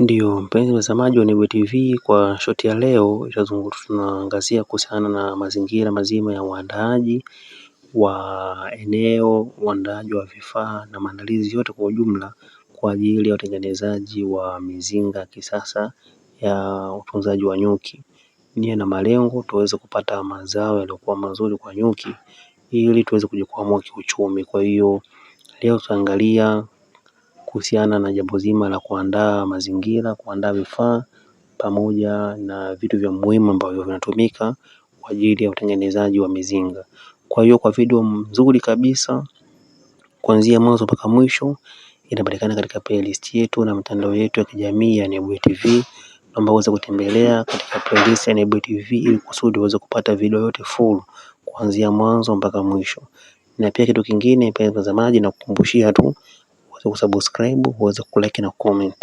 Ndiyo mpenzi mtazamaji wa Nebuye TV, kwa shoti ya leo tunaangazia kuhusiana na mazingira mazima ya uandaaji wa eneo, uandaaji wa vifaa na maandalizi yote kwa ujumla kwa ajili ya utengenezaji wa mizinga ya kisasa ya utunzaji wa nyuki, nia na malengo tuweze kupata mazao yaliyokuwa mazuri kwa nyuki ili tuweze kujikwamua kiuchumi. Kwa hiyo leo tutaangalia kuhusiana na jambo zima la kuandaa mazingira, kuandaa vifaa pamoja na vitu vya muhimu ambavyo vinatumika kwa ajili ya utengenezaji wa mizinga. Kwa hiyo kwa video nzuri kabisa kuanzia mwanzo mpaka mwisho inapatikana katika playlist yetu na mtandao yetu ya kijamii ya Nebuye TV, naomba uweze kutembelea katika playlist ya Nebuye TV ili kusudi uweze kupata video yote full kuanzia mwanzo mpaka mwisho. Na pia kitu kingine, mpenzi mtazamaji, nakukumbushia tu uweze kusubscribe, uweze kulike na comment.